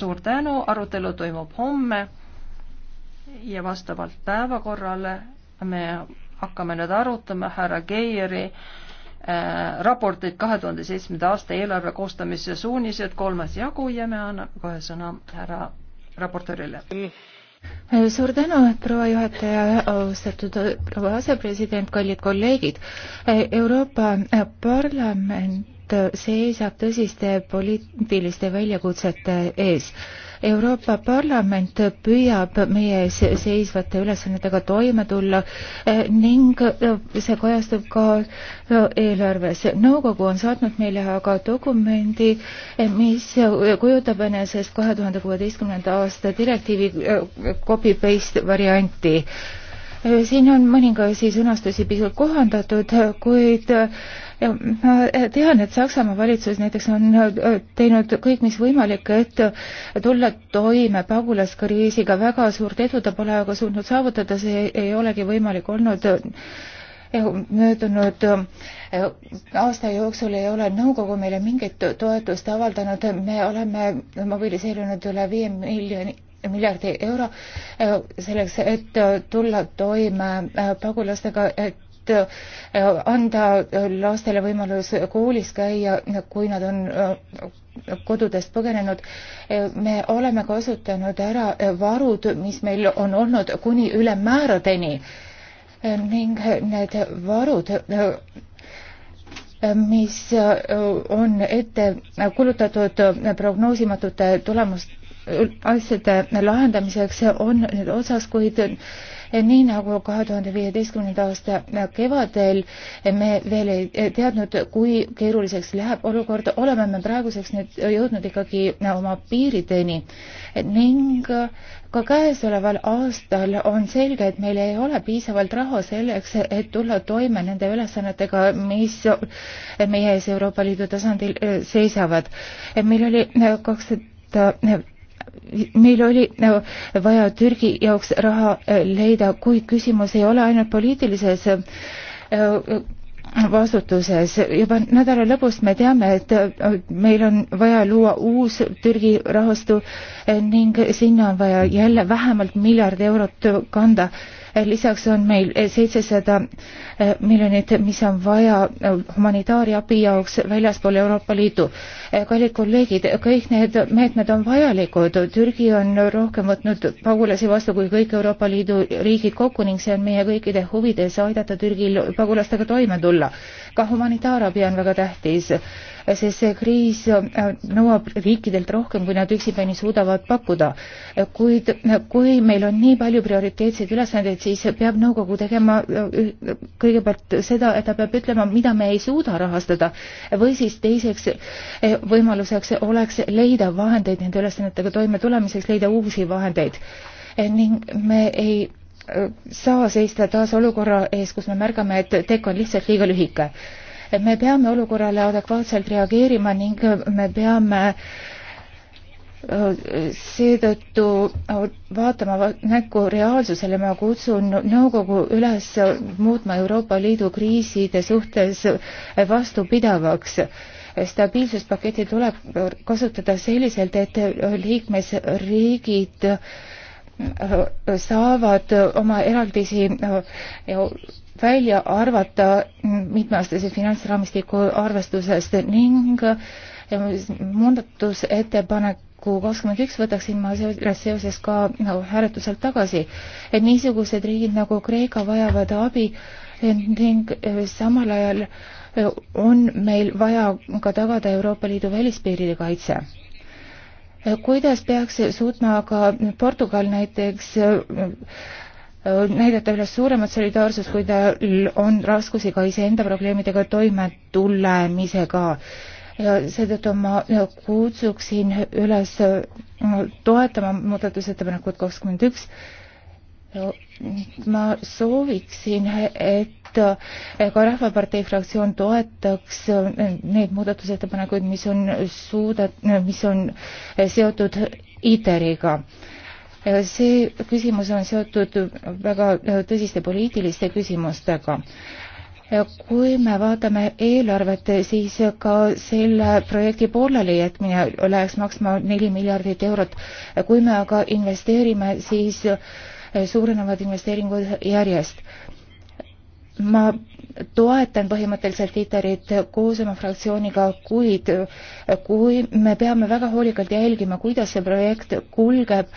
suur tänu, arutelu toimub homme ja vastavalt päevakorrale me hakkame nüüd arutama härra Geieri äh, raporteid kahe tuhande seitsmenda aasta eelarve koostamise suunised, kolmas jagu ja me anname kohe sõna härra raportöörile. suur tänu, proua juhataja, austatud proua asepresident, kallid kolleegid. Euroopa Parlament Liit seisab tõsiste poliitiliste väljakutsete ees. Euroopa Parlament püüab meie ees seisvate ülesannetega toime tulla eh, ning eh, see kajastub ka eh, eelarves. nõukogu on saatnud meile aga dokumendi, mis kujutab enesest kahe tuhande kuueteistkümnenda aasta direktiivi copy-paste varianti siin on mõningasi sõnastusi pisut kohandatud, kuid eh, ma tean, et Saksamaa valitsus näiteks on eh, teinud kõik, mis võimalik, et tulla toime pagulaskriisiga, väga suurt edu ta pole aga suutnud saavutada, see ei olegi võimalik olnud eh, möödunud aasta jooksul ei ole nõukogu meile mingit toetust avaldanud, me oleme mobiliseerinud üle viie miljoni miljardi euro äh, selleks, et äh, tulla toime äh, pagulastega, et anda lastele võimalus koolis käia, kui nad on kodudest põgenenud. me oleme kasutanud ära varud, mis meil on olnud kuni ülemmääradeni ning need varud mis on ette kulutatud prognoosimatute tulemust, asjade lahendamiseks on nüüd otsas, kuid nii nagu kahe tuhande viieteistkümnenda aasta kevadel me veel ei teadnud, kui keeruliseks läheb olukord, oleme me praeguseks nüüd jõudnud ikkagi oma piirideni ning ka käesoleval aastal on selge, et meil ei ole piisavalt raha selleks, et tulla toime nende ülesannetega, mis meie ees Euroopa Liidu tasandil seisavad. meil oli kakssada meil oli äh, vaja Türgi jaoks raha äh, leida, kuid küsimus ei ole ainult poliitilises äh, vastutuses. juba nädala lõpus me teame, et meil on vaja luua uus Türgi rahastu ning sinna on vaja jälle vähemalt miljard eurot kanda Eh, lisaks on meil eh, seitsesada eh, miljonit, mis on vaja humanitaarabi jaoks väljaspool Euroopa Liitu. kallid kolleegid, kõik need meetmed on vajalikud, Türgi on rohkem võtnud pagulasi vastu kui kõik Euroopa Liidu riigid kokku ning see on meie kõikide huvides aidata Türgil pagulastega toime tulla ka humanitaarabi on väga tähtis, sest see kriis äh, nõuab riikidelt rohkem, kui nad üksipäini suudavad pakkuda. kuid kui meil on nii palju prioriteetseid ülesandeid, siis peab nõukogu tegema äh, kõigepealt seda, et ta peab ütlema, mida me ei suuda rahastada või siis teiseks äh, võimaluseks oleks leida vahendeid nende ülesannetega toimetulemiseks, leida uusi vahendeid ning me ei saa seista taas olukorra ees, kus me märgame, et tekk on lihtsalt liiga lühike. me peame olukorrale adekvaatselt reageerima ning me peame äh, seetõttu vaatama näkku reaalsusele, ma kutsun nõukogu üles muutma Euroopa Liidu kriiside suhtes vastupidavaks stabiilsuspaketi tuleb kasutada selliselt, et liikmesriigid Äh, saavad oma eraldisi äh, välja arvata mitmeaastase finantsraamistiku arvestusest ning äh, muudatusettepaneku kakskümmend üks võtaksin ma selles seoses ka no, hääletuselt tagasi, et niisugused riigid nagu Kreeka vajavad abi ning samal ajal on meil vaja ka tagada Euroopa Liidu välispiiride kaitse kuidas peaks suutma aga Portugal näiteks äh, näidata üles suuremat solidaarsust, kui tal on raskusi ka iseenda probleemidega toime tulemisega. seetõttu ma kutsuksin üles äh, toetama muudatusettepanekut kakskümmend üks. ma sooviksin, et et eh, ka Rahvapartei fraktsioon toetaks eh, neid muudatusettepanekuid, mis on suuda, eh, mis on seotud ITER-iga see küsimus on seotud väga tõsiste poliitiliste küsimustega. kui me vaatame eelarvet, siis ka selle projekti poolelijätmine läheks maksma neli miljardit eurot. kui me aga investeerime, siis suurenevad investeeringud järjest ma toetan põhimõtteliselt ITER-it koos oma fraktsiooniga, kuid kui me peame väga hoolikalt jälgima, kuidas see projekt kulgeb,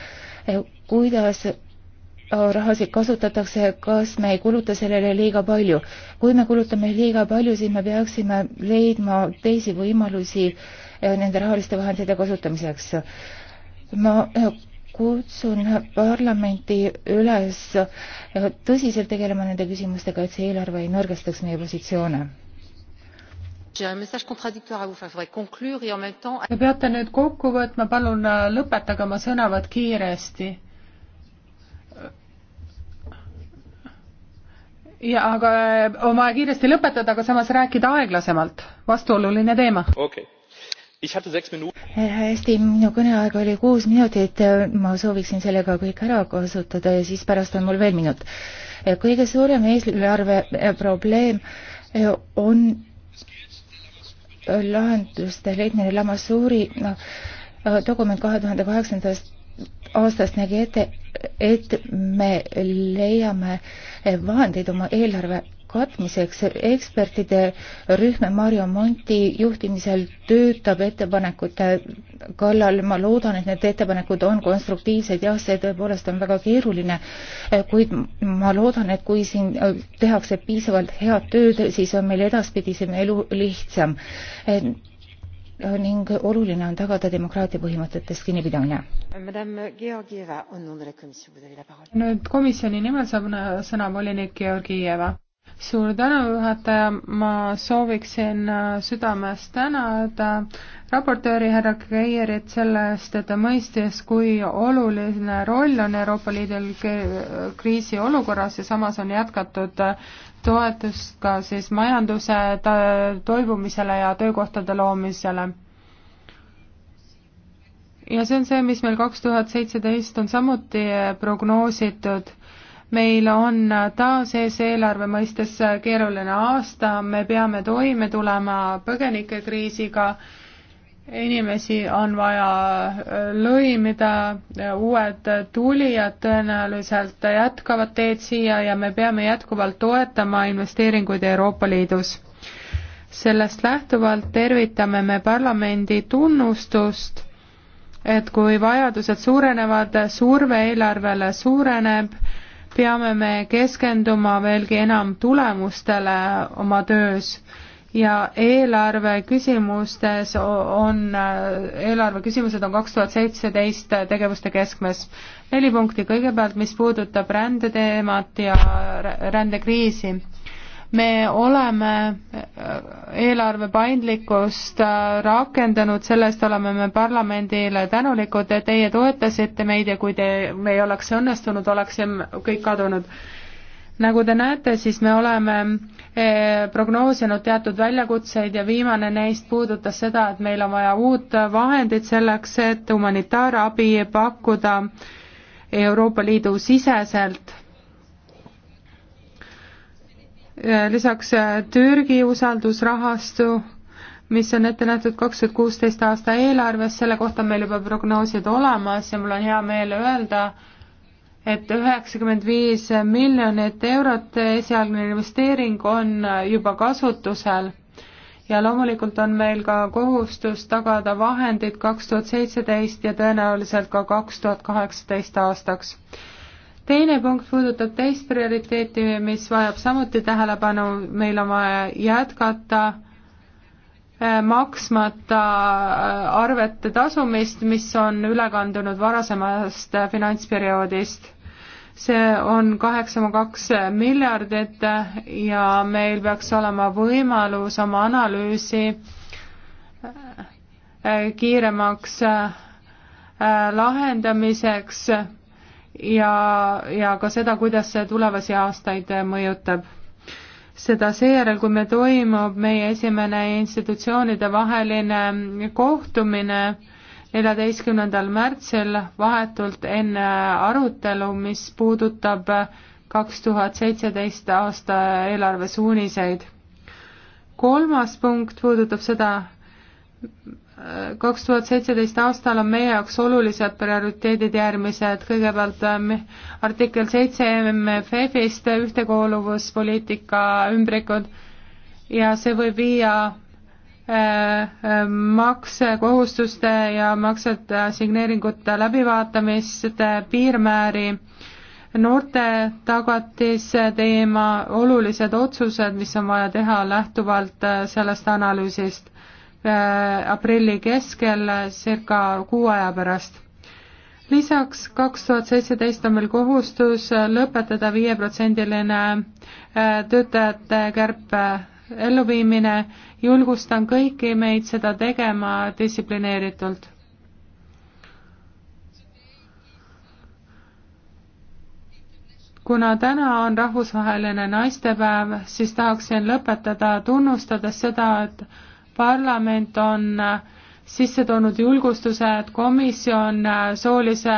kuidas rahasid kasutatakse, kas me ei kuluta sellele liiga palju. kui me kulutame liiga palju, siis me peaksime leidma teisi võimalusi nende rahaliste vahendite kasutamiseks. ma kutsun parlamenti üles tõsiselt tegelema nende küsimustega, et see eelarve ei nõrgestaks meie positsioone. Te peate nüüd kokku võtma, palun äh, lõpetage oma sõnavõtt kiiresti. ja aga äh, on vaja kiiresti lõpetada, aga samas rääkida aeglasemalt, vastuoluline teema okay hästi, minu kõneaeg oli kuus minutit, ma sooviksin sellega kõik ära kasutada ja siis pärast on mul veel minut. kõige suurem eelarve probleem on lahenduste leidmine Lamassuuri no, dokument kahe tuhande kaheksandast aastast nägi ette, et me leiame vahendeid oma eelarve katmiseks ekspertide rühm Mario Monti juhtimisel töötab ettepanekute kallal, ma loodan, et need ettepanekud on konstruktiivsed, jah, see tõepoolest on väga keeruline, kuid ma loodan, et kui siin tehakse piisavalt head tööd, siis on meil edaspidisem elu lihtsam. ning oluline on tagada demokraatia põhimõtetest kinnipidamine. nüüd komisjoni nimel saab sõna volinik Georgieva suur tänu, juhataja, ma sooviksin äh, südamest tänada raportööri härra Kreierit selle eest, et ta mõistis, kui oluline roll on Euroopa Liidul kriisiolukorras ja samas on jätkatud äh, toetust ka siis majanduse toibumisele ja töökohtade loomisele ja see on see, mis meil kaks tuhat seitseteist on samuti äh, prognoositud meil on taas ees eelarve mõistes keeruline aasta, me peame toime tulema põgenikekriisiga, inimesi on vaja äh, lõimida, äh, uued tulijad tõenäoliselt jätkavad teed siia ja me peame jätkuvalt toetama investeeringuid Euroopa Liidus sellest lähtuvalt tervitame me parlamendi tunnustust, et kui vajadused suurenevad, surve eelarvele suureneb peame me keskenduma veelgi enam tulemustele oma töös ja eelarve küsimustes on, eelarve küsimused on kaks tuhat seitseteist tegevuste keskmes. neli punkti, kõigepealt mis puudutab rändeteemat ja rändekriisi me oleme äh, eelarve paindlikkust äh, rakendanud, selle eest oleme me parlamendile tänulikud, et teie toetasite meid ja kui te, me ei oleks õnnestunud, oleksime kõik kadunud. nagu te näete, siis me oleme äh, prognoosinud teatud väljakutseid ja viimane neist puudutas seda, et meil on vaja uut vahendit selleks, et humanitaarabi pakkuda Euroopa Liidu siseselt Äh, lisaks äh, Türgi usaldusrahastu, mis on ette nähtud kaks tuhat kuusteist aasta eelarves, selle kohta on meil juba prognoosid olemas ja mul on hea meel öelda, et üheksakümmend viis miljonit eurot esialgne investeering on äh, juba kasutusel ja loomulikult on meil ka kohustus tagada vahendid kaks tuhat seitseteist ja tõenäoliselt ka kaks tuhat kaheksateist aastaks teine punkt puudutab teist prioriteeti, mis vajab samuti tähelepanu, meil on vaja jätkata äh, maksmata äh, arvete tasumist, mis on üle kandunud varasemast äh, finantsperioodist. see on kaheksa koma kaks miljardit ja meil peaks olema võimalus oma analüüsi kiiremaks lahendamiseks ja, ja ka seda, kuidas see tulevasi aastaid mõjutab. seda seejärel, kui meil toimub meie esimene institutsioonide vaheline kohtumine neljateistkümnendal märtsil, vahetult enne arutelu, mis puudutab kaks tuhat seitseteist aasta eelarvesuuniseid. kolmas punkt puudutab seda, kaks tuhat seitseteist aastal on meie jaoks olulised prioriteedid järgmised, kõigepealt ähm, artikkel seitse MFF-ist ühtekuuluvuspoliitika ümbrikud ja see võib viia äh, äh, maksekohustuste ja maksete signeeringute läbivaatamist piirmääri noorte tagatise teema, olulised otsused, mis on vaja teha lähtuvalt äh, sellest analüüsist Äh, aprilli keskel circa kuu aja pärast lisaks kaks tuhat seitseteist on meil kohustus lõpetada viieprotsendiline äh, töötajate kärpe äh, elluviimine, julgustan kõiki meid seda tegema distsiplineeritult. kuna täna on rahvusvaheline naistepäev, siis tahaksin lõpetada tunnustades seda, et parlament on äh, sisse toonud julgustuse, et komisjon äh, soolise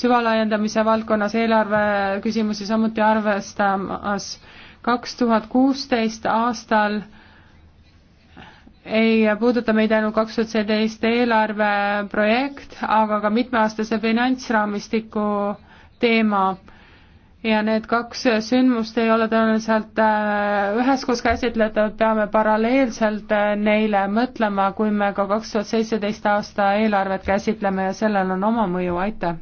süvalaiendamise valdkonnas eelarve küsimusi samuti arvestamas. kaks tuhat kuusteist aastal ei puuduta meid ainult kaks tuhat seitseteist eelarveprojekt, aga ka mitmeaastase finantsraamistiku teema ja need kaks sündmust ei ole tõenäoliselt äh, üheskoos käsitletavad, peame paralleelselt äh, neile mõtlema, kui me ka kaks tuhat seitseteist aasta eelarvet käsitleme ja sellel on oma mõju, aitäh!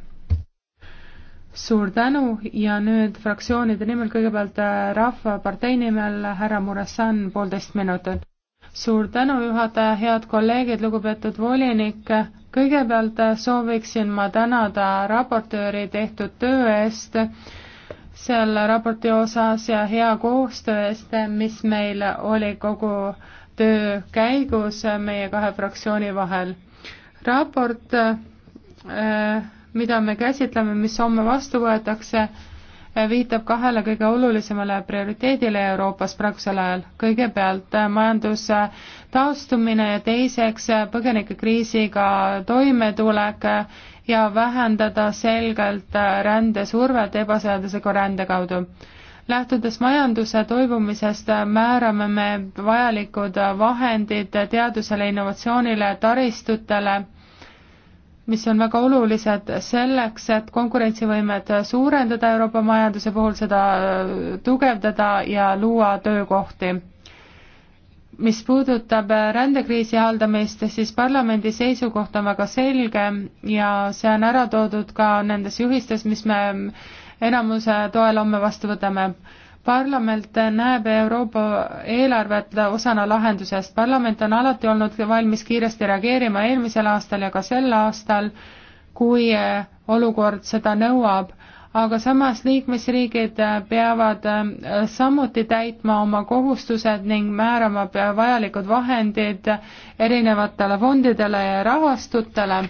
suur tänu ja nüüd fraktsioonide nimel kõigepealt äh, Rahvapartei nimel härra Murassan, poolteist minutit. suur tänu, juhataja, head kolleegid, lugupeetud volinik, kõigepealt sooviksin ma tänada raportööri tehtud töö eest, selle raporti osas ja hea koostöö eest, mis meil oli kogu töö käigus meie kahe fraktsiooni vahel. raport, äh, mida me käsitleme, mis homme vastu võetakse, viitab kahele kõige olulisemale prioriteedile Euroopas praegusel ajal. kõigepealt äh, majanduse äh, taastumine ja teiseks äh, põgenikekriisiga toimetulek ja vähendada selgelt rändesurvet ebaseadusliku rände kaudu. lähtudes majanduse toibumisest, määrame me vajalikud vahendid teadusele, innovatsioonile, taristutele mis on väga olulised selleks, et konkurentsivõimet suurendada Euroopa majanduse puhul, seda tugevdada ja luua töökohti. mis puudutab rändekriisi haldamist, siis parlamendi seisukoht on väga selge ja see on ära toodud ka nendes juhistes, mis me enamuse toel homme vastu võtame parlament näeb Euroopa eelarvet osana lahendusest. parlament on alati olnud valmis kiiresti reageerima eelmisel aastal ja ka sel aastal, kui eh, olukord seda nõuab, aga samas liikmesriigid eh, peavad eh, samuti täitma oma kohustused ning määrama vajalikud vahendid erinevatele fondidele ja rahastutele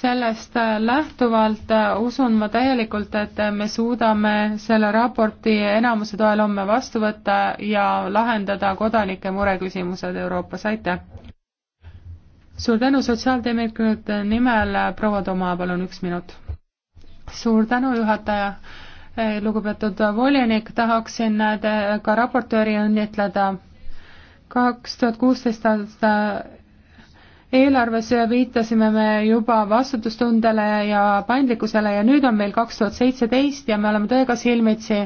sellest äh, lähtuvalt äh, usun ma täielikult, et äh, me suudame selle raporti enamuse toel homme vastu võtta ja lahendada kodanike mureküsimused Euroopas, aitäh! suur tänu sotsiaaldemokraatide nimel, proua Toma, palun üks minut. suur tänu, juhataja. lugupeetud volinik, tahaksin ka raportööri õnnitleda kaks tuhat kuusteist aasta eelarves viitasime me juba vastutustundele ja paindlikkusele ja nüüd on meil kaks tuhat seitseteist ja me oleme tõega silmitsi.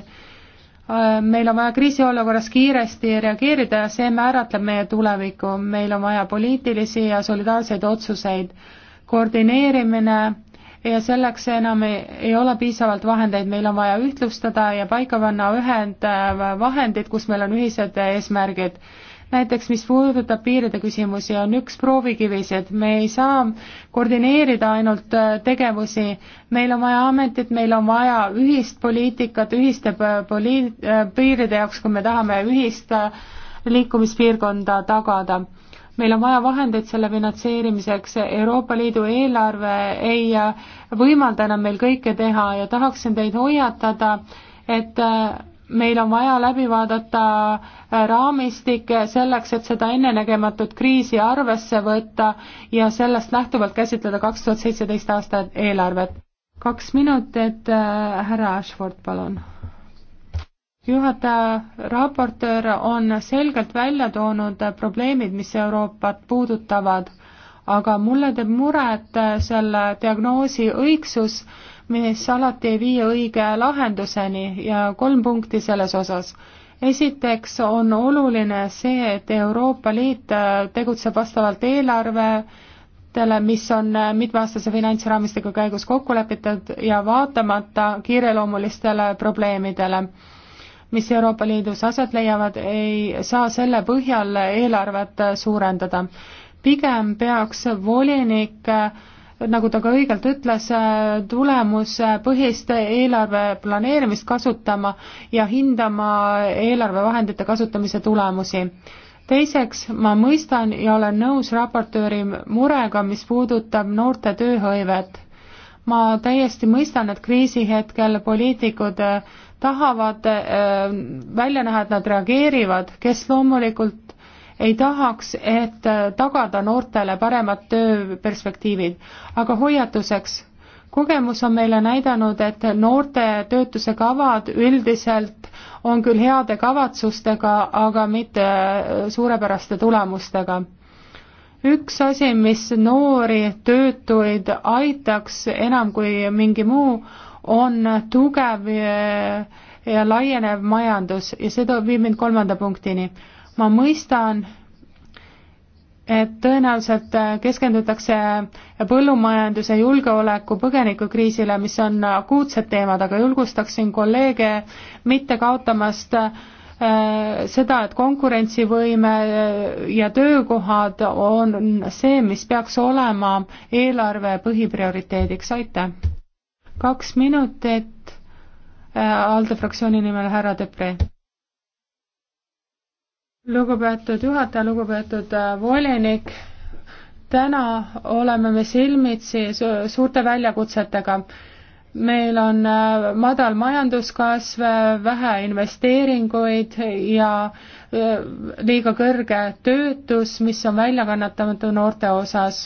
meil on vaja kriisiolukorras kiiresti reageerida ja see määratleb meie tulevikku, meil on vaja poliitilisi ja solidaarseid otsuseid. koordineerimine ja selleks enam ei, ei ole piisavalt vahendeid, meil on vaja ühtlustada ja paika panna ühendvahendid, kus meil on ühised eesmärgid näiteks mis puudutab piiride küsimusi, on üks proovikivisid, me ei saa koordineerida ainult äh, tegevusi, meil on vaja ametit, meil on vaja ühist poliitikat, ühiste äh, poli-, äh, piiride jaoks, kui me tahame ühist liikumispiirkonda tagada meil on vaja vahendeid selle finantseerimiseks, Euroopa Liidu eelarve ei võimalda enam meil kõike teha ja tahaksin teid hoiatada, et meil on vaja läbi vaadata äh, raamistik selleks, et seda ennenägematut kriisi arvesse võtta ja sellest lähtuvalt käsitleda kaks tuhat seitseteist aasta eelarvet. kaks minutit, äh, härra Ashford, palun. juhataja, raportöör on selgelt välja toonud probleemid, mis Euroopat puudutavad, aga mulle teeb muret äh, selle diagnoosi õigsus, mis alati ei vii õige lahenduseni ja kolm punkti selles osas. esiteks on oluline see, et Euroopa Liit äh, tegutseb vastavalt eelarve tele, mis on äh, mitmeaastase finantsraamistiku käigus kokku lepitud ja vaatamata kiireloomulistele probleemidele, mis Euroopa Liidus aset leiavad, ei saa selle põhjal eelarvet äh, suurendada. pigem peaks volinik äh, nagu ta ka õigelt ütles, tulemuspõhist eelarve planeerimist kasutama ja hindama eelarvevahendite kasutamise tulemusi. teiseks, ma mõistan ja olen nõus raportööri murega, mis puudutab noorte tööhõivet. ma täiesti mõistan, et kriisihetkel poliitikud tahavad äh, välja näha, et nad reageerivad, kes loomulikult ei tahaks, et äh, tagada noortele paremad tööperspektiivid. aga hoiatuseks, kogemus on meile näidanud, et noorte töötuse kavad üldiselt on küll heade kavatsustega, aga mitte äh, suurepäraste tulemustega üks asi, mis noori töötuid aitaks enam kui mingi muu, on tugev äh, ja laienev majandus ja see toob, viib mind kolmanda punktini ma mõistan, et tõenäoliselt keskendutakse põllumajanduse julgeoleku põgenikukriisile, mis on akuutsed teemad, aga julgustaksin kolleege mitte kaotamast äh, seda, et konkurentsivõime äh, ja töökohad on see, mis peaks olema eelarve põhiprioriteediks, aitäh! kaks minutit, äh, ALDE fraktsiooni nimel härra Depre lugupeetud juhataja, lugupeetud äh, volinik, täna oleme me silmitsi suurte väljakutsetega. meil on äh, madal majanduskasv, vähe investeeringuid ja äh, liiga kõrge töötus, mis on väljakannatamatu noorte osas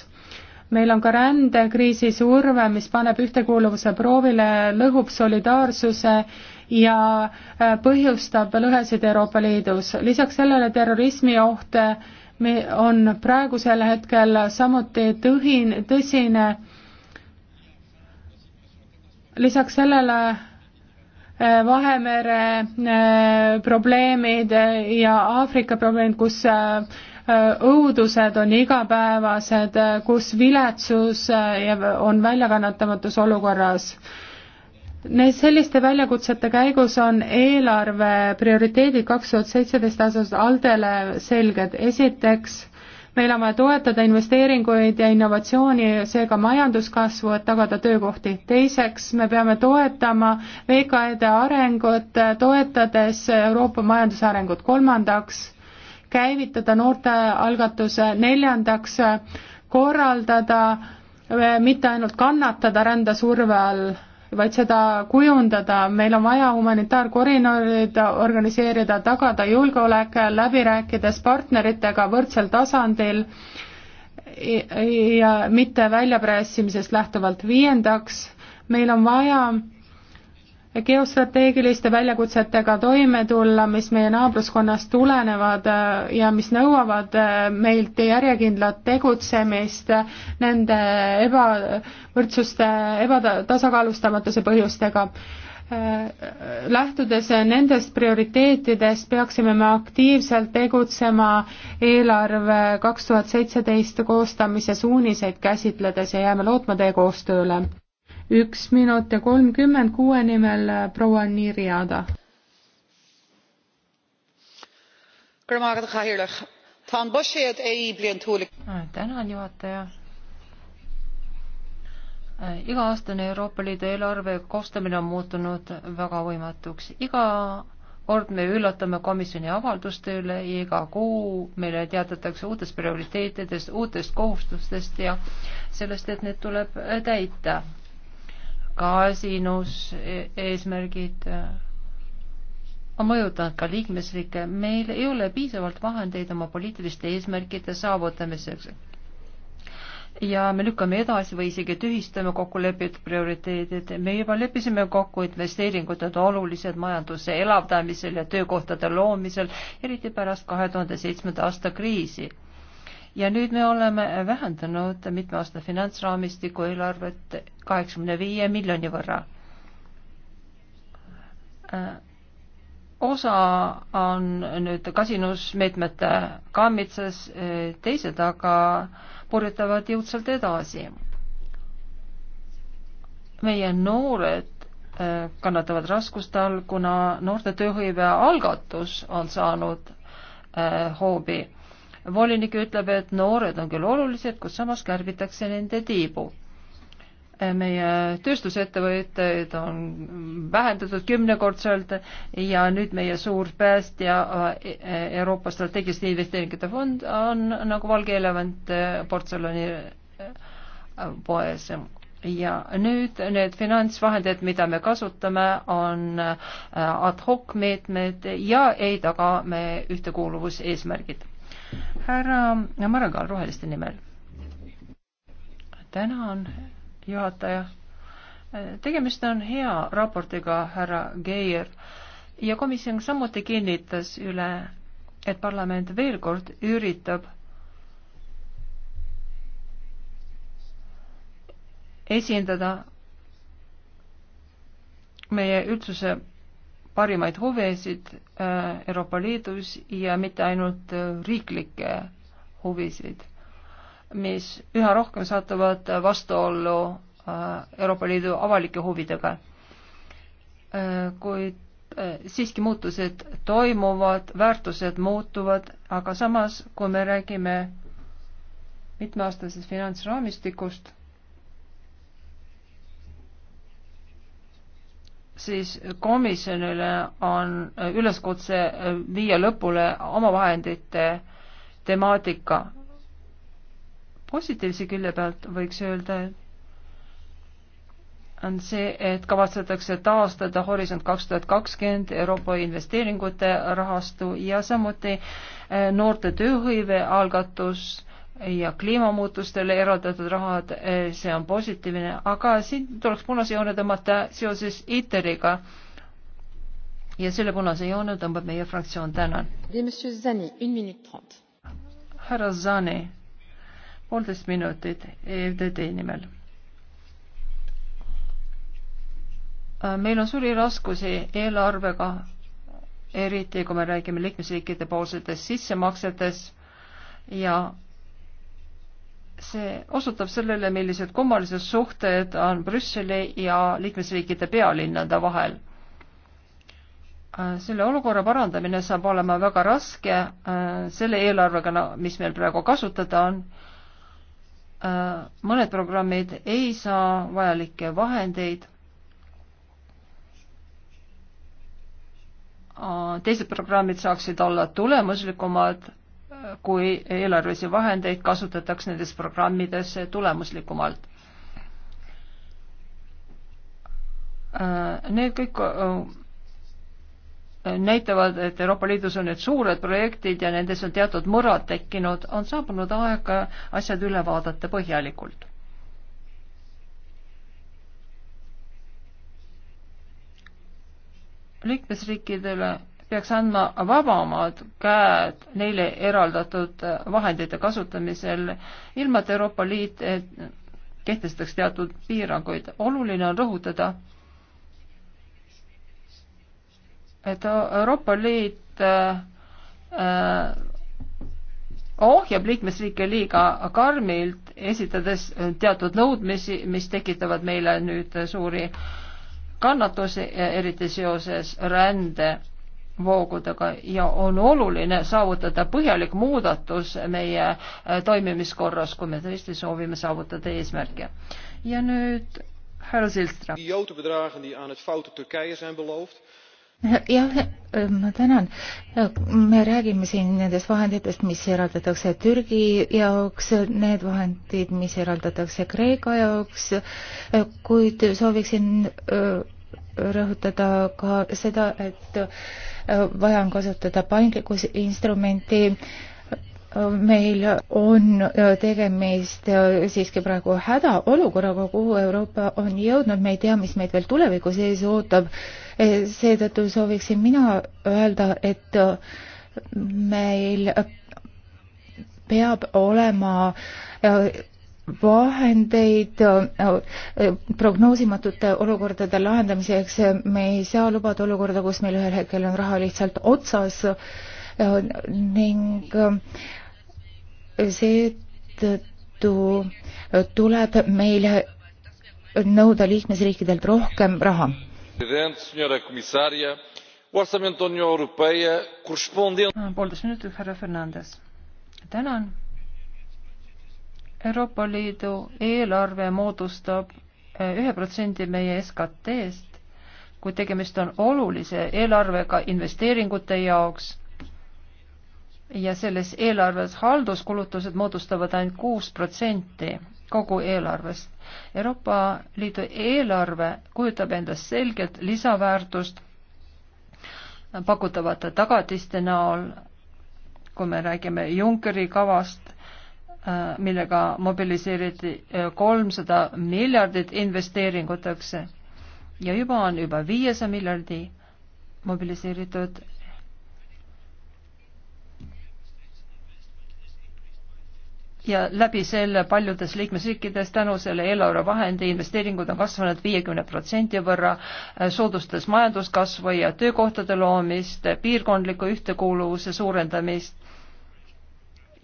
meil on ka rändekriisi surve, mis paneb ühtekuuluvuse proovile, lõhub solidaarsuse ja äh, põhjustab lõhesid Euroopa Liidus. lisaks sellele terrorismioht on praegusel hetkel samuti tõhin, tõsine. lisaks sellele äh, Vahemere äh, probleemid ja Aafrika probleemid, kus õudused on igapäevased, kus viletsus on väljakannatamatus olukorras. Need selliste väljakutsete käigus on eelarve prioriteedid kaks tuhat seitseteist aastas Aldele selged. esiteks, meil on vaja toetada investeeringuid ja innovatsiooni, seega majanduskasvu, et tagada töökohti. teiseks, me peame toetama VKE-de arengut, toetades Euroopa majanduse arengut. kolmandaks, käivitada noortealgatuse. neljandaks, korraldada, mitte ainult kannatada rändesurve all vaid seda kujundada, meil on vaja humanitaarkoridorid organiseerida, tagada julgeolek, läbi rääkides partneritega võrdsel tasandil ja mitte väljapressimisest lähtuvalt. viiendaks, meil on vaja geostrateegiliste väljakutsetega toime tulla, mis meie naabruskonnast tulenevad äh, ja mis nõuavad äh, meilt järjekindlat tegutsemist nende ebavõrdsuste, ebatasakaalustamatuse põhjustega. Äh, lähtudes nendest prioriteetidest peaksime me aktiivselt tegutsema eelarve kaks tuhat seitseteist koostamise suuniseid käsitledes ja jääme lootma teie koostööle üks minut ja kolmkümmend kuue nimel äh, proua Nirjada. Äh, tänan, juhataja äh, iga-aastane Euroopa Liidu eelarve koostamine on muutunud väga võimatuks. iga kord me üllatame komisjoni avalduste üle ja iga kuu meile teatatakse uutest prioriteetidest, uutest kohustustest ja sellest, et need tuleb täita kaasinus e-, eesmärgid äh, on mõjutanud ka liikmesriike. meil ei ole piisavalt vahendeid oma poliitiliste eesmärkide saavutamiseks. ja me lükkame edasi või isegi tühistame kokkulepitud prioriteedid. me juba leppisime kokku, investeeringud on olulised majanduse elavdamisel ja töökohtade loomisel, eriti pärast kahe tuhande seitsmenda aasta kriisi ja nüüd me oleme vähendanud mitme aasta finantsraamistiku eelarvet kaheksakümne viie miljoni võrra. Äh, osa on nüüd kasinusmeetmete kammitses, äh, teised aga purjetavad jõudsalt edasi. meie noored äh, kannatavad raskuste all, kuna noorte tööhõive algatus on saanud hoobi volinik ütleb, et noored on küll olulised, kus samas kärbitakse nende tiibu. Äh, meie tööstusettevõtteid on vähendatud kümnekordselt ja nüüd meie suur päästja äh, Euroopa strateegiliste investeeringute fond on nagu valge elevant äh, portselani poes ja nüüd need finantsvahendid, mida me kasutame, on ad hoc meetmed ja ei taga me ühtekuuluvuseesmärgid härra Margal Roheliste nimel. tänan, juhataja. tegemist on hea raportiga, härra Geier, ja komisjon samuti kinnitas üle, et parlament veel kord üritab esindada meie üldsuse parimaid huvesid äh, Euroopa Liidus ja mitte ainult äh, riiklikke huvisid, mis üha rohkem satuvad vastuollu äh, Euroopa Liidu avalike huvidega. kuid siiski muutused toimuvad, väärtused muutuvad, aga samas, kui me räägime mitmeaastasest finantsraamistikust siis komisjonile on üleskutse viia lõpule omavahendite temaatika. positiivse külje pealt võiks öelda, on see, et kavatsetakse taastada Horisont kaks tuhat kakskümmend Euroopa investeeringute rahastu ja samuti eh, noorte tööhõive algatus ja kliimamuutustele eraldatud rahad, eh, see on positiivne, aga siin tuleks punase joone tõmmata seoses ITER-iga. ja selle punase joone tõmbab meie fraktsioon, tänan. härra Zani, poolteist minutit EFDD nimel. Äh, meil on suuri raskusi eelarvega, eriti kui me räägime liikmesriikide poolsetest sissemaksetest ja see osutab sellele, millised kummalised suhted on Brüsseli ja liikmesriikide pealinnade vahel. selle olukorra parandamine saab olema väga raske selle eelarvega, mis meil praegu kasutada on. mõned programmid ei saa vajalikke vahendeid. teised programmid saaksid olla tulemuslikumad kui eelarvelisi vahendeid kasutatakse nendes programmides tulemuslikumalt. Äh, need kõik äh, näitavad, et Euroopa Liidus on need suured projektid ja nendes on teatud mõrad tekkinud, on saabunud aeg asjad üle vaadata põhjalikult. liikmesriikidele peaks andma vabamad käed neile eraldatud vahendite kasutamisel, ilma et Euroopa Liit kehtestaks teatud piiranguid. oluline on rõhutada, et Euroopa Liit äh, ohjab liikmesriike liiga karmilt, esitades teatud nõudmisi, mis tekitavad meile nüüd suuri kannatusi, eriti seoses rände voogudega ja on oluline saavutada põhjalik muudatus meie äh, toimimiskorras, kui me tõesti soovime saavutada eesmärke. ja nüüd härra Sildstra. jah, ma tänan. me räägime siin nendest vahenditest, mis eraldatakse Türgi jaoks, need vahendid, mis eraldatakse Kreeka jaoks, kuid sooviksin öö, rõhutada ka seda, et äh, vaja on kasutada paindlikkusinstrumenti, meil on äh, tegemist äh, siiski praegu hädaolukorraga, kuhu Euroopa on jõudnud, me ei tea, mis meid veel tuleviku sees ootab, seetõttu sooviksin mina öelda, et meil peab olema vahendeid äh, prognoosimatute olukordade lahendamiseks, me ei saa lubada olukorda, kus meil ühel hetkel on raha lihtsalt otsas ning äh, seetõttu äh, tuleb meil nõuda liikmesriikidelt rohkem raha. poolteist minutit, härra Fernandes. tänan Euroopa Liidu eelarve moodustab eh, ühe protsendi meie SKT-st, kui tegemist on olulise eelarvega investeeringute jaoks ja selles eelarves halduskulutused moodustavad ainult kuus protsenti kogu eelarvest. Euroopa Liidu eelarve kujutab endast selgelt lisaväärtust pakutavate tagatiste näol, kui me räägime Junckeri kavast Äh, millega mobiliseeriti äh, kolmsada miljardit investeeringuteks ja juba on juba viiesaja miljardi mobiliseeritud ja läbi selle paljudes liikmesriikides tänu selle eelarvevahendi investeeringud on kasvanud viiekümne protsendi võrra, äh, soodustades majanduskasvu ja töökohtade loomist, piirkondliku ühtekuuluvuse suurendamist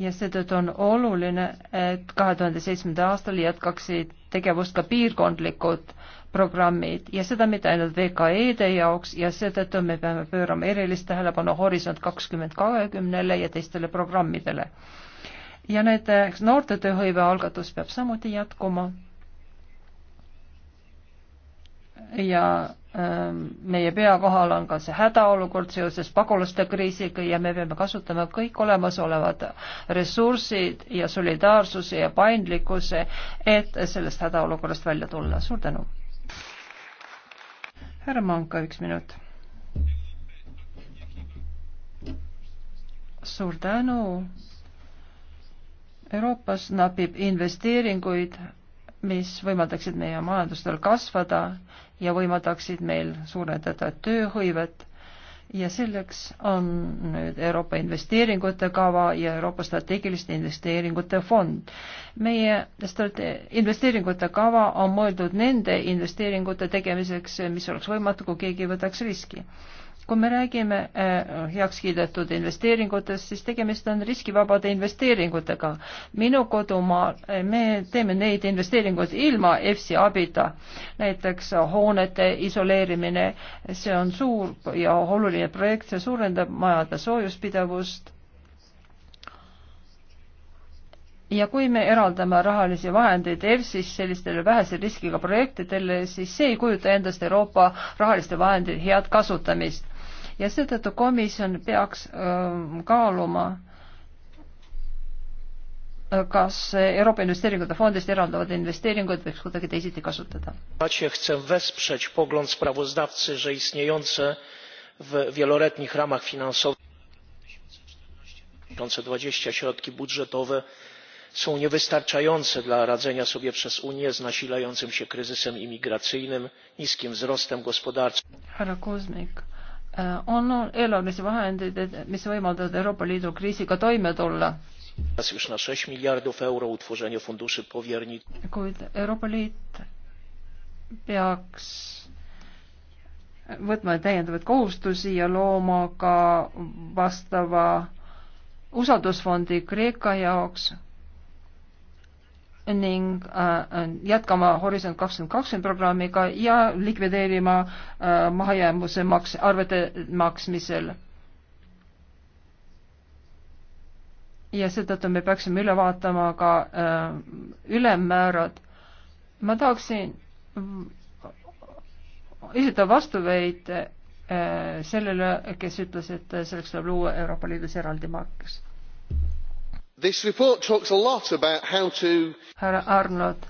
ja seetõttu on oluline, et kahe tuhande seitsmendal aastal jätkaksid tegevust ka piirkondlikud programmid ja seda mitte ainult VKE-de jaoks ja seetõttu me peame pöörama erilist tähelepanu Horisont kakskümmend kahekümnele ja teistele programmidele. ja näiteks noorte tööhõive algatus peab samuti jätkuma. ja meie pea kohal on ka see hädaolukord seoses pagulaste kriisiga ja me peame kasutama kõik olemasolevad ressursid ja solidaarsuse ja paindlikkuse, et sellest hädaolukorrast välja tulla. suur tänu. härra Manka, üks minut. suur tänu. Euroopas napib investeeringuid, mis võimaldaksid meie majandustel kasvada ja võimaldaksid meil suurendada tööhõivet ja selleks on nüüd Euroopa investeeringute kava ja Euroopa strateegiliste investeeringute fond. meie strate-, investeeringute kava on mõeldud nende investeeringute tegemiseks, mis oleks võimatu, kui keegi võtaks riski kui me räägime eh, heaks kiidetud investeeringutest, siis tegemist on riskivabade investeeringutega. minu kodumaal eh, me teeme neid investeeringuid ilma EFSI abita, näiteks hoonete isoleerimine, see on suur ja oluline projekt, see suurendab majade soojuspidavust ja kui me eraldame rahalisi vahendeid EFSis sellistele vähese riskiga projektidele, siis see ei kujuta endast Euroopa rahaliste vahendite head kasutamist ja seetõttu komisjon peaks öö, ähm, kaaluma äh, kas Euroopa Investeeringute Fondist eraldavad investeeringud võiks kuidagi teisiti kasutada. chcę wesprzeć pogląd sprawozdawcy, że istniejące w wieloletnich ramach finansowych 2020 środki budżetowe są niewystarczające dla radzenia sobie przez Unię z nasilającym się kryzysem imigracyjnym, niskim wzrostem gospodarczym. Herra Kuzmik Äh, on eelarvelisi vahendeid, mis võimaldavad Euroopa Liidu kriisiga toime tulla. kuid Euroopa Liit peaks võtma täiendavaid kohustusi ja looma ka vastava usaldusfondi Kreeka jaoks ning äh, äh, jätkama Horisont kakskümmend kakskümmend programmiga ja likvideerima äh, mahajäämuse maks-, arvete maksmisel. ja seetõttu me peaksime üle vaatama ka ülemmäärad. ma tahaksin esitada vastuväid sellele, kes ütles, et selleks tuleb luua Euroopa Liidus eraldi markas This report talks a lot about how to härra Arnold,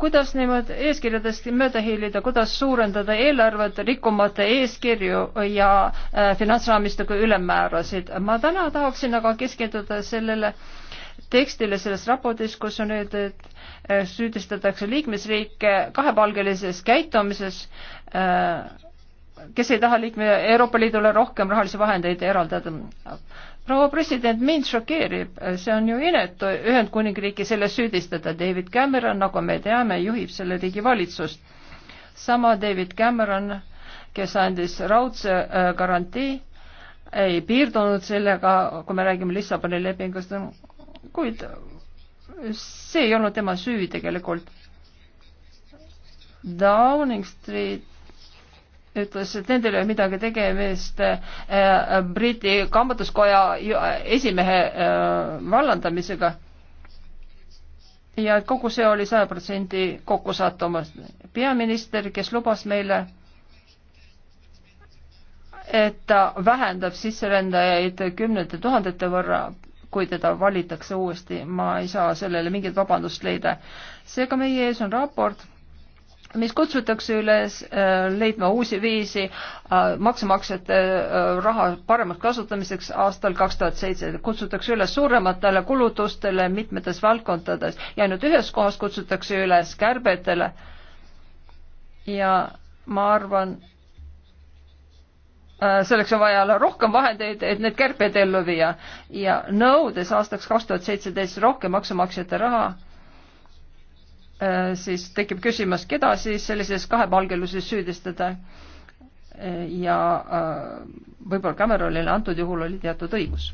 kuidas niimoodi eeskirjadest mööda hiilida, kuidas suurendada eelarvet rikkumata eeskirju ja äh, finantsraamistiku ülemmäärasid. ma täna tahaksin aga keskenduda sellele tekstile selles raportis, kus on öeldud, et äh, süüdistatakse liikmesriike kahepalgelises käitumises äh, kes ei taha liikme Euroopa Liidule rohkem rahalisi vahendeid eraldada proua president, mind šokeerib, see on ju inetu Ühendkuningriiki selles süüdistada, David Cameron, nagu me teame, juhib selle riigi valitsust. sama David Cameron, kes andis raudse äh, garantii, ei piirdunud sellega, kui me räägime Lissaboni lepingust, kuid see ei olnud tema süü tegelikult. Downing Street ütles, et nendel ei ole midagi tegemist äh, Briti Kaubanduskoja esimehe äh, vallandamisega ja et kogu see oli saja protsendi kokkusattumus. Kokku peaminister, kes lubas meile, et ta vähendab sisserändajaid kümnete tuhandete võrra, kui teda valitakse uuesti, ma ei saa sellele mingit vabandust leida. seega meie ees on raport mis kutsutakse üles äh, leidma uusi viisi äh, maksumaksjate äh, raha paremaks kasutamiseks aastal kaks tuhat seitse. kutsutakse üles suurematele kulutustele mitmetes valdkondades ja ainult ühes kohas kutsutakse üles kärbetele. ja ma arvan, selleks on vaja rohkem vahendeid, et need kärped ellu viia ja nõudes aastaks kaks tuhat seitseteist rohkem maksumaksjate raha Äh, siis tekib küsimus, keda siis sellises kahepalgeluses süüdistada. Äh, ja äh, võib-olla Cameronile antud juhul oli teatud õigus.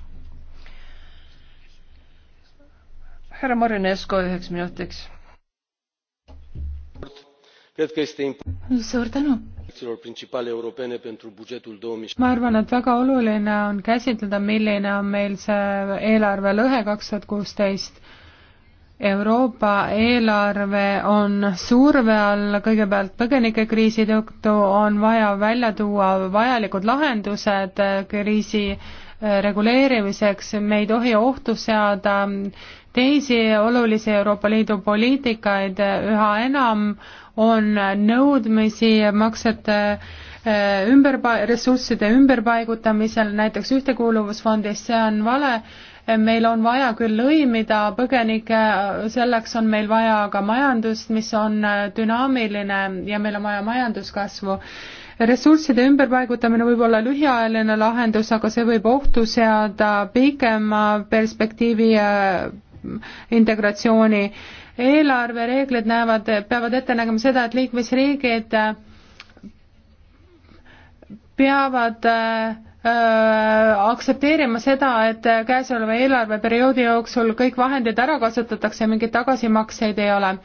härra Marinesko üheks minutiks. suur tänu ma arvan, et väga oluline on käsitleda, milline on meil see eelarvelõhe kaks tuhat kuusteist Euroopa eelarve on surve all kõigepealt põgenikekriisi tõttu, on vaja välja tuua vajalikud lahendused kriisi äh, reguleerimiseks, me ei tohi ohtu seada teisi olulisi Euroopa Liidu poliitikaid, üha enam on nõudmisi maksete äh, ümber, ressursside ümberpaigutamisel, näiteks Ühtekuuluvusfondis, see on vale meil on vaja küll lõimida põgenikke, selleks on meil vaja ka majandust, mis on äh, dünaamiline ja meil on vaja majanduskasvu. ressursside ümberpaigutamine võib olla lühiajaline lahendus, aga see võib ohtu seada pikema perspektiivi äh, integratsiooni. eelarvereeglid näevad, peavad ette nägema seda, et liikmesriigid äh, peavad äh, aktsepteerima seda, et käesoleva eelarveperioodi jooksul kõik vahendid ära kasutatakse ja mingeid tagasimakseid ei ole.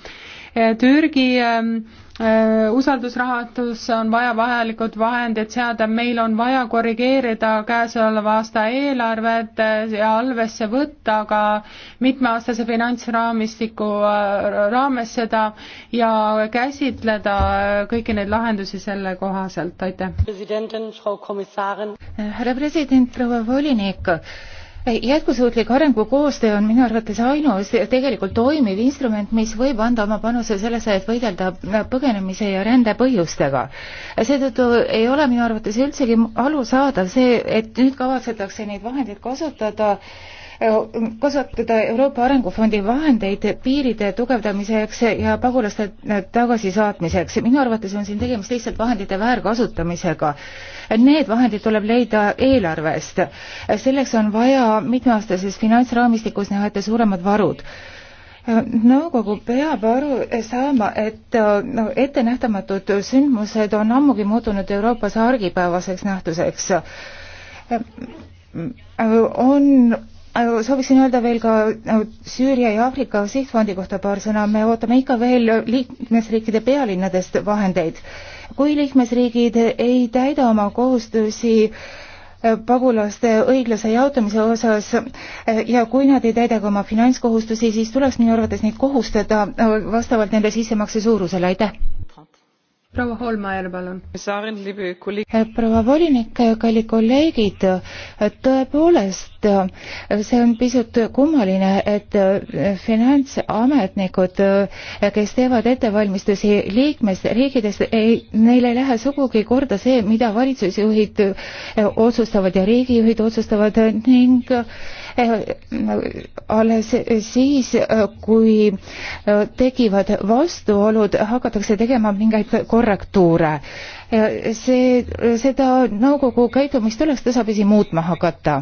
Türgi öö, Äh, usaldusrahastusse on vaja vajalikud vahendid seada, meil on vaja korrigeerida käesoleva aasta eelarved äh, ja allvesse võtta ka mitmeaastase finantsraamistiku äh, raames seda ja käsitleda kõiki neid lahendusi selle kohaselt, aitäh. härra president, proua volinik jätkusuutlik arengukoostöö on minu arvates ainus tegelikult toimiv instrument, mis võib anda oma panuse sellesse, et võidelda põgenemise ja rände põhjustega. seetõttu ei ole minu arvates üldsegi alusaadav see, et nüüd kavatsetakse neid vahendeid kasutada äh, kasutada Euroopa Arengufondi vahendeid piiride tugevdamiseks ja pagulaste tagasisaatmiseks. minu arvates on siin tegemist lihtsalt vahendite väärkasutamisega. Need vahendid tuleb leida eelarvest. selleks on vaja mitmeaastases finantsraamistikus näha ette suuremad varud nõukogu peab aru saama, et no, ettenähtamatud sündmused on ammugi muutunud Euroopas argipäevaseks nähtuseks. on Äh, sooviksin öelda veel ka äh, Süüria ja Aafrika sihtfondi kohta paar sõna, me ootame ikka veel liikmesriikide pealinnadest vahendeid. kui liikmesriigid ei täida oma kohustusi äh, pagulaste õiglase jaotamise osas ja kui nad ei täida ka oma finantskohustusi, siis tuleks minu arvates neid kohustada vastavalt nende sissemakse suurusele, aitäh! proua Holmajärv, palun! proua volinik, kallid kolleegid, tõepoolest Äh, see on pisut kummaline, et äh, finantsametnikud, äh, kes teevad ettevalmistusi liikmesriikides, ei, neil ei lähe sugugi korda see, mida valitsusjuhid otsustavad ja riigijuhid otsustavad ning alles siis, kui tekivad vastuolud, hakatakse tegema mingeid korrektuure. see, seda nõukogu käitumist tuleks tasapisi muutma hakata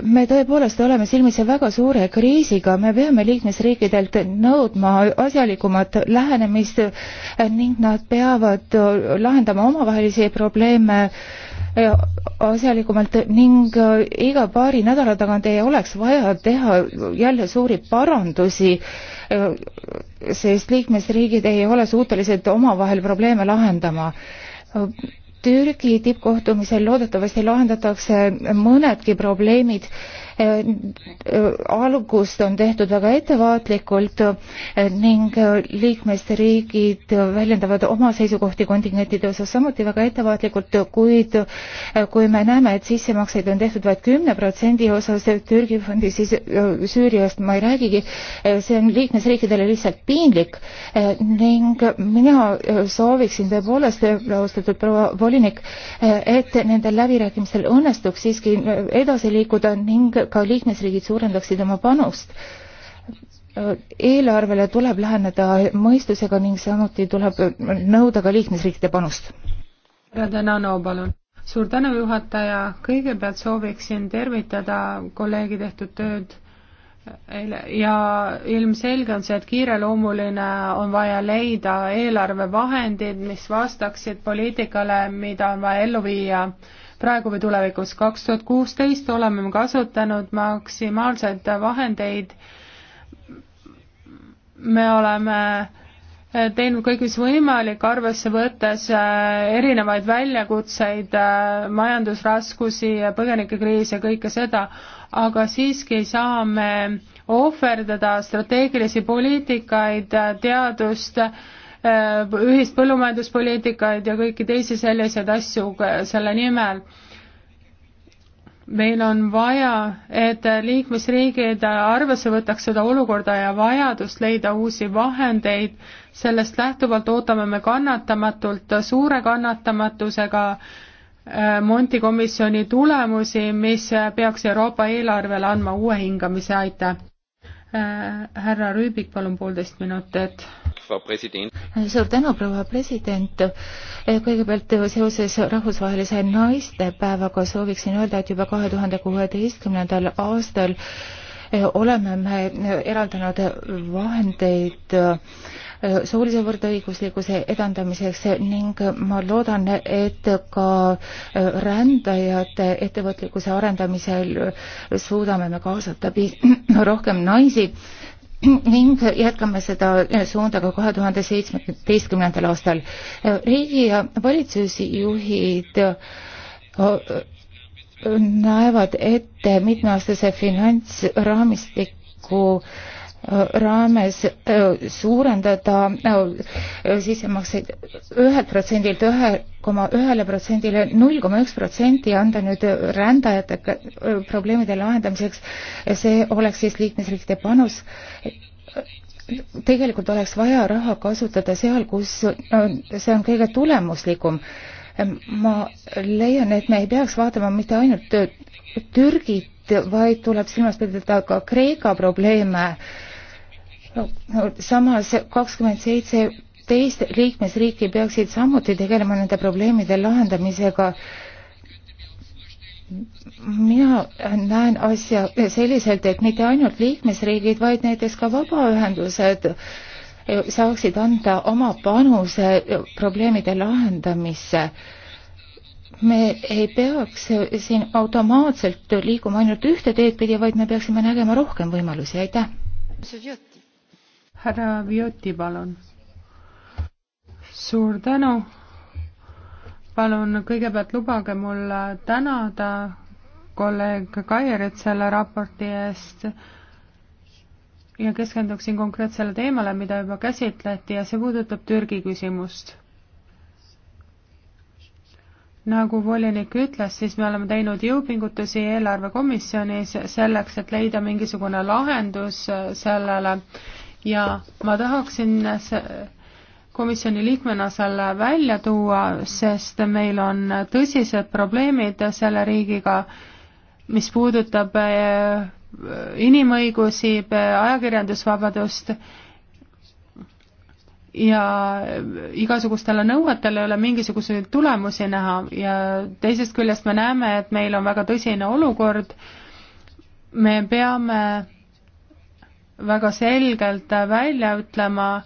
me tõepoolest oleme silmitsi väga suure kriisiga, me peame liikmesriikidelt nõudma asjalikumat lähenemist ning nad peavad lahendama omavahelisi probleeme asjalikumalt ning iga paari nädala tagant ei oleks vaja teha jälle suuri parandusi, sest liikmesriigid ei ole suutelised omavahel probleeme lahendama Türgi tippkohtumisel loodetavasti lahendatakse mõnedki probleemid Äh, äh, algust on tehtud väga ettevaatlikult äh, ning liikmesriigid väljendavad oma seisukohti kontingentide osas samuti väga ettevaatlikult, kuid kui me näeme, et sissemakseid on tehtud vaid kümne protsendi osas Türgi fondi, siis Süüriast ma ei räägigi, see on liikmesriikidele lihtsalt piinlik ning mina sooviksin tõepoolest, austatud proua volinik, et nendel läbirääkimistel õnnestuks siiski edasi liikuda ning ka liikmesriigid suurendaksid oma panust. eelarvele tuleb läheneda mõistusega ning samuti tuleb nõuda ka liikmesriikide panust. härra Tänano, palun. suur tänu, juhataja, kõigepealt sooviksin tervitada kolleegi tehtud tööd ja ilmselge on see, et kiireloomuline on vaja leida eelarvevahendid, mis vastaksid poliitikale, mida on vaja ellu viia praegu või tulevikus. kaks tuhat kuusteist oleme me kasutanud maksimaalselt vahendeid, me oleme teinud kõik, mis võimalik, arvesse võttes äh, erinevaid väljakutseid, äh, majandusraskusi, põgenikekriise, kõike seda, aga siiski ei saa me ohverdada strateegilisi poliitikaid, äh, teadust, Äh, ühist põllumajanduspoliitikaid ja kõiki teisi selliseid asju selle nimel. meil on vaja, et liikmesriigid arvesse võtaks seda olukorda ja vajadust leida uusi vahendeid, sellest lähtuvalt ootame me kannatamatult, suure kannatamatusega äh, Monti komisjoni tulemusi, mis peaks Euroopa eelarvele andma uue hingamise, aitäh! Äh, härra Rüübik, palun poolteist minutit. suur tänu, proua president. Äh, kõigepealt seoses rahvusvahelise naistepäevaga sooviksin öelda, et juba kahe tuhande kuueteistkümnendal aastal äh, oleme me eraldanud vahendeid soolise võrdõiguslikkuse edendamiseks ning ma loodan, et ka äh, rändajate ettevõtlikkuse arendamisel suudame me kaasata rohkem naisi ning jätkame seda suunda ka kahe tuhande seitsmeteistkümnendal aastal. riigi ja valitsusjuhid äh, näevad ette mitmeaastase finantsraamistiku raames äh, suurendada äh, sissemakseid ühelt protsendilt ühe koma ühele protsendile null koma üks protsenti ja anda nüüd rändajate äh, probleemide lahendamiseks, see oleks siis liikmesriikide panus. tegelikult oleks vaja raha kasutada seal, kus see on kõige tulemuslikum. ma leian, et me ei peaks vaatama mitte ainult Türgit, vaid tuleb silmas pidada ka Kreeka probleeme samas kakskümmend seitse teist liikmesriiki peaksid samuti tegelema nende probleemide lahendamisega. mina näen asja selliselt, et mitte ainult liikmesriigid, vaid näiteks ka vabaühendused saaksid anda oma panuse probleemide lahendamisse. me ei peaks siin automaatselt liikuma ainult ühte teed pidi, vaid me peaksime nägema rohkem võimalusi, aitäh! härra Vioti, palun. suur tänu. palun kõigepealt lubage mul tänada kolleeg Kairit selle raporti eest ja keskenduksin konkreetsele teemale, mida juba käsitleti ja see puudutab Türgi küsimust. nagu volinik ütles, siis me oleme teinud jõupingutusi eelarvekomisjonis selleks, et leida mingisugune lahendus sellele äh, ja ma tahaksin komisjoni liikmena selle välja tuua, sest meil on tõsised probleemid selle riigiga, mis puudutab eh, inimõigusi, ajakirjandusvabadust ja igasugustele nõuetele ei ole mingisuguseid tulemusi näha ja teisest küljest me näeme, et meil on väga tõsine olukord, me peame väga selgelt välja ütlema,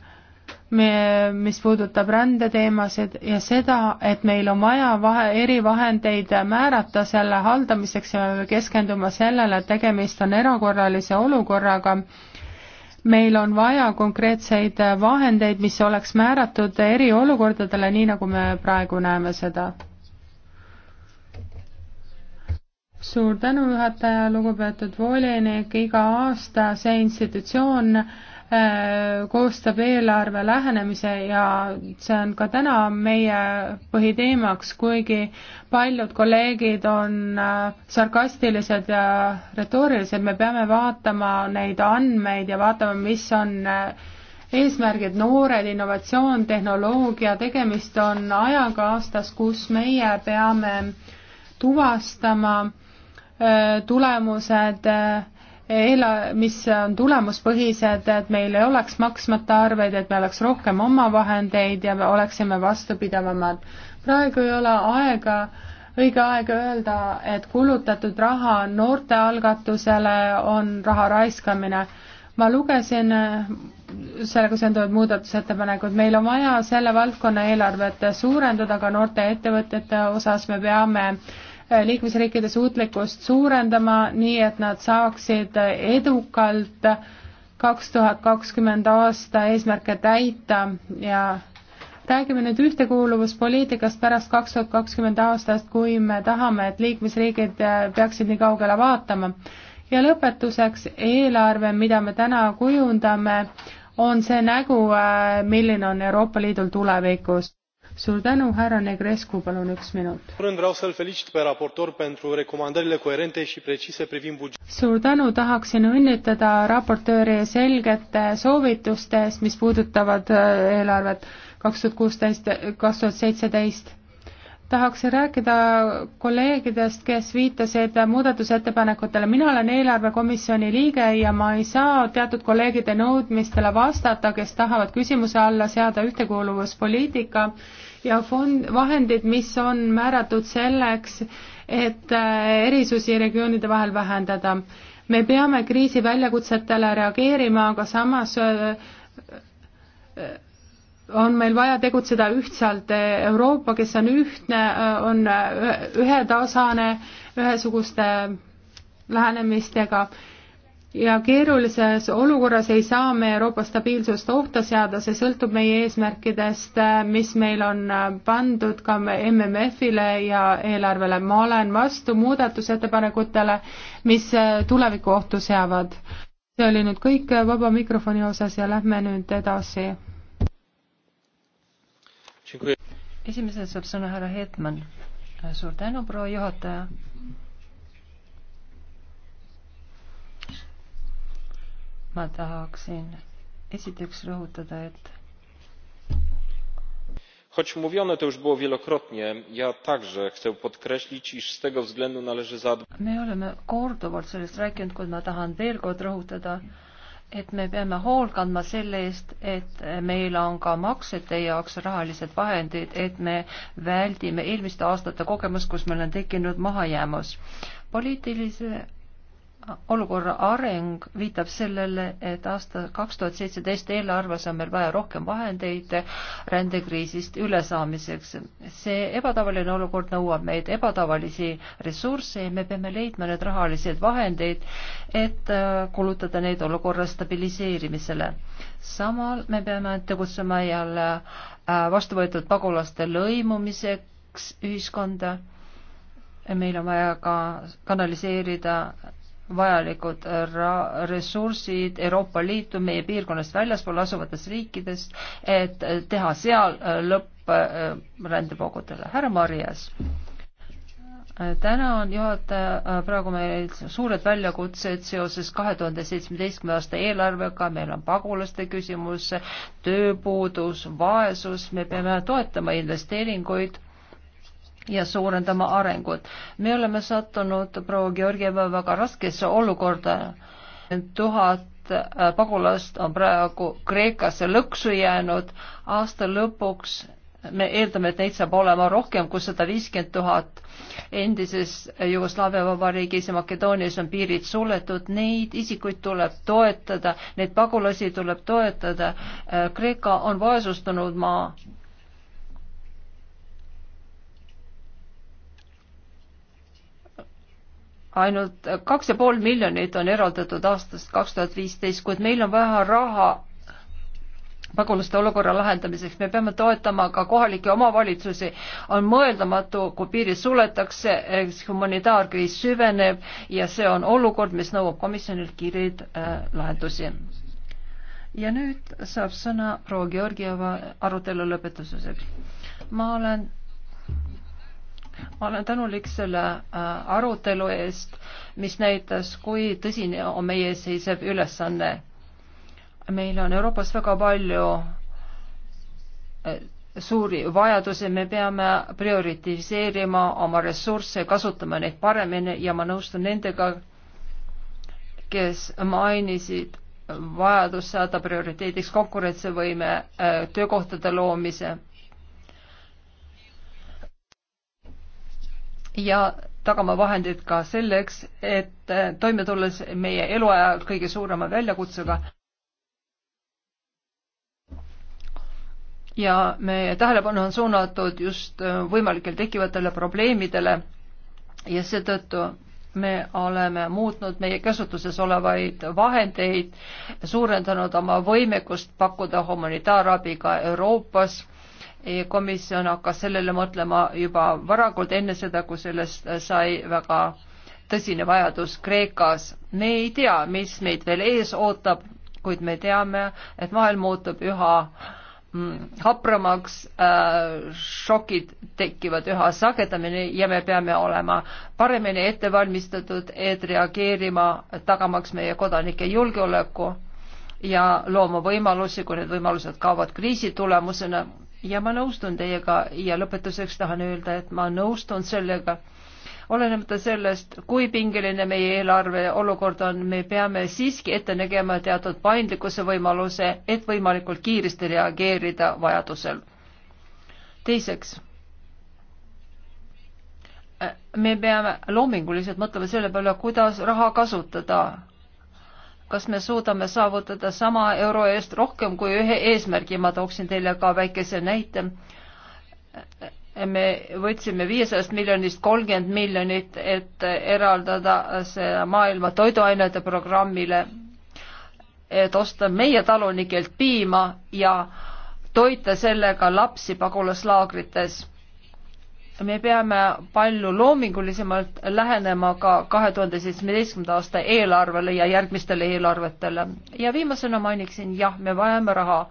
mis puudutab rändeteemasid ja seda, et meil on vaja vahe, erivahendeid määrata selle haldamiseks ja keskenduma sellele, et tegemist on erakorralise olukorraga. meil on vaja konkreetseid vahendeid, mis oleks määratud eriolukordadele, nii nagu me praegu näeme seda suur tänu, juhataja, lugupeetud volinik, iga aasta see institutsioon äh, koostab eelarve lähenemise ja see on ka täna meie põhiteemaks, kuigi paljud kolleegid on äh, sarkastilised ja retoorilised, me peame vaatama neid andmeid ja vaatama, mis on äh, eesmärgid, noored, innovatsioon, tehnoloogia, tegemist on ajaga aastas, kus meie peame tuvastama äh, Äh, tulemused eela-, äh, mis on tulemuspõhised, et meil ei oleks maksmata arveid, et meil oleks rohkem omavahendeid ja me oleksime vastupidavamad. praegu ei ole aega, õige aeg öelda, et kulutatud raha noortealgatusele on raha raiskamine. ma lugesin äh, sellega seonduvad muudatusettepanekud, meil on vaja selle valdkonna eelarvet suurendada ka noorte ettevõtete osas, me peame äh, Äh, liikmesriikide suutlikkust suurendama, nii et nad saaksid edukalt kaks tuhat kakskümmend aasta eesmärke täita ja räägime nüüd ühtekuuluvuspoliitikast pärast kaks tuhat kakskümmend aastast, kui me tahame, et liikmesriigid äh, peaksid nii kaugele vaatama. ja lõpetuseks eelarve, mida me täna kujundame, on see nägu, äh, milline on Euroopa Liidul tulevikus suur tänu, härra Negrescu, palun üks minut. suur tänu, tahaksin õnnitleda raportööri selgete soovituste eest, mis puudutavad äh, eelarvet kaks tuhat kuusteist, kaks tuhat seitseteist tahaksin rääkida kolleegidest, kes viitasid muudatusettepanekutele. mina olen eelarvekomisjoni liige ja ma ei saa teatud kolleegide nõudmistele vastata, kes tahavad küsimuse alla seada ühtekuuluvuspoliitika ja fond, vahendid, mis on määratud selleks, et äh, erisusi regioonide vahel vähendada. me peame kriisi väljakutsetele reageerima, aga samas äh, äh, on meil vaja tegutseda ühtsalt, Euroopa, kes on ühtne, on ühetasane, ühesuguste lähenemistega ja keerulises olukorras ei saa me Euroopa stabiilsust ohta seada, see sõltub meie eesmärkidest, mis meil on pandud ka MMF-ile ja eelarvele. ma olen vastu muudatusettepanekutele, mis tuleviku ohtu seavad. see oli nüüd kõik vaba mikrofoni osas ja lähme nüüd edasi. esimesena saab sõna härra Hetman. suur tänu, proua juhataja ma tahaksin esiteks rõhutada, et choć mówione to już było wielokrotnie ja także chcę podkreślić iż z tego względu należy zadbać et me peame hool kandma selle eest, et meil on ka maksete jaoks rahalised vahendid, et me väldime eelmiste aastate kogemust, kus meil on tekkinud mahajäämus. poliitilise olukorra areng viitab sellele, et aasta kaks tuhat seitseteist eelarves on meil vaja rohkem vahendeid rändekriisist ülesaamiseks. see ebatavaline olukord nõuab meid ebatavalisi ressursse ja me peame leidma need rahalised vahendeid, et äh, kulutada neid olukorra stabiliseerimisele. samal me peame tegutsema jälle äh, vastu võetud pagulaste lõimumiseks ühiskonda meil on vaja ka kanaliseerida vajalikud äh, ressursid Euroopa Liitu meie piirkonnast väljaspool asuvatest riikidest, et äh, teha seal äh, lõpp rändevoogudele. härra Marjas, täna on juhataja, praegu meil suured väljakutsed seoses kahe tuhande seitsmeteistkümne aasta eelarvega, meil on pagulaste küsimus, tööpuudus, vaesus, me peame toetama investeeringuid ja suurendama arengut. me oleme sattunud proua Georgieva väga raskesse olukorda. tuhat äh, pagulast on praegu Kreekasse lõksu jäänud. aasta lõpuks me eeldame, et neid saab olema rohkem kui sada viiskümmend tuhat. endises Jugoslaavia Vabariigis ja Makedoonias on piirid suletud, neid isikuid tuleb toetada, neid pagulasi tuleb toetada. Äh, Kreeka on vaesustunud maa ainult kaks ja pool miljonit on eraldatud aastast kaks tuhat viisteist, kuid meil on vaja raha pagulaste olukorra lahendamiseks, me peame toetama ka kohalikke omavalitsusi. on mõeldamatu, kui piirid suletakse, eks humanitaarkriis süveneb ja see on olukord, mis nõuab komisjonilt kiireid äh, lahendusi. ja nüüd saab sõna proua Georgieva arutelu lõpetuseks. ma olen ma olen tänulik selle äh, arutelu eest, mis näitas, kui tõsine on meie ees seisev ülesanne. meil on Euroopas väga palju äh, suuri vajadusi, me peame prioritiseerima oma ressursse, kasutama neid paremini ja ma nõustun nendega, kes mainisid vajadust saada prioriteediks konkurentsivõime äh, töökohtade loomise ja tagama vahendid ka selleks, et äh, toime tulles meie eluaja kõige suurema väljakutsega. ja meie tähelepanu on suunatud just äh, võimalikele tekkivatele probleemidele ja seetõttu me oleme muutnud meie käsutuses olevaid vahendeid, suurendanud oma võimekust pakkuda humanitaarabi ka Euroopas komisjon hakkas sellele mõtlema juba varakult, enne seda, kui sellest sai väga tõsine vajadus Kreekas. me ei tea, mis meid veel ees ootab, kuid me teame, et maailm muutub üha mm, hapramaks äh,, šokid tekivad üha sagedamini ja me peame olema paremini ette valmistatud, et reageerima, tagamaks meie kodanike julgeoleku ja looma võimalusi, kui need võimalused kaovad kriisi tulemusena ja ma nõustun teiega ja lõpetuseks tahan öelda, et ma nõustun sellega, olenemata sellest, kui pingeline meie eelarve olukord on, me peame siiski ette nägema teatud paindlikkuse võimaluse, et võimalikult kiiresti reageerida vajadusel. teiseks, me peame loominguliselt mõtlema selle peale, kuidas raha kasutada kas me suudame saavutada sama euro eest rohkem kui ühe eesmärgi, ma tooksin teile ka väikese näite. me võtsime viiesajast miljonist kolmkümmend miljonit, et eraldada see maailma toiduainete programmile, et osta meie talunikelt piima ja toita sellega lapsi pagulaslaagrites me peame palju loomingulisemalt lähenema ka kahe tuhande seitsmeteistkümnenda aasta eelarvele ja järgmistele eelarvetele. ja viimasena mainiksin, jah, me vajame raha,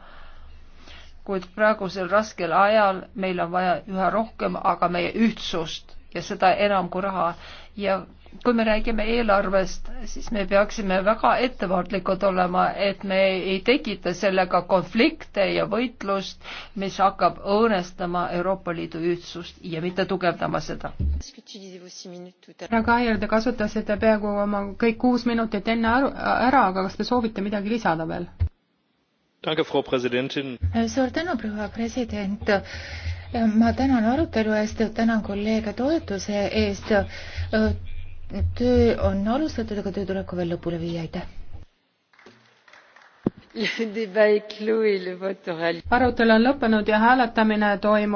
kuid praegusel raskel ajal meil on vaja üha rohkem aga meie ühtsust ja seda enam kui raha ja kui me räägime eelarvest, siis me peaksime väga ettevaatlikud olema, et me ei tekita sellega konflikte ja võitlust, mis hakkab õõnestama Euroopa Liidu ühtsust ja mitte tugevdama seda. härra Kaier, te kasutasite peaaegu oma kõik kuus minutit enne ära, aga kas te soovite midagi lisada veel? suur tänu, proua president ma tänan arutelu eest, tänan kolleege toetuse eest töö on alustatud, aga töö tuleb ka veel lõpule viia, aitäh. arutelu on lõppenud ja hääletamine toimub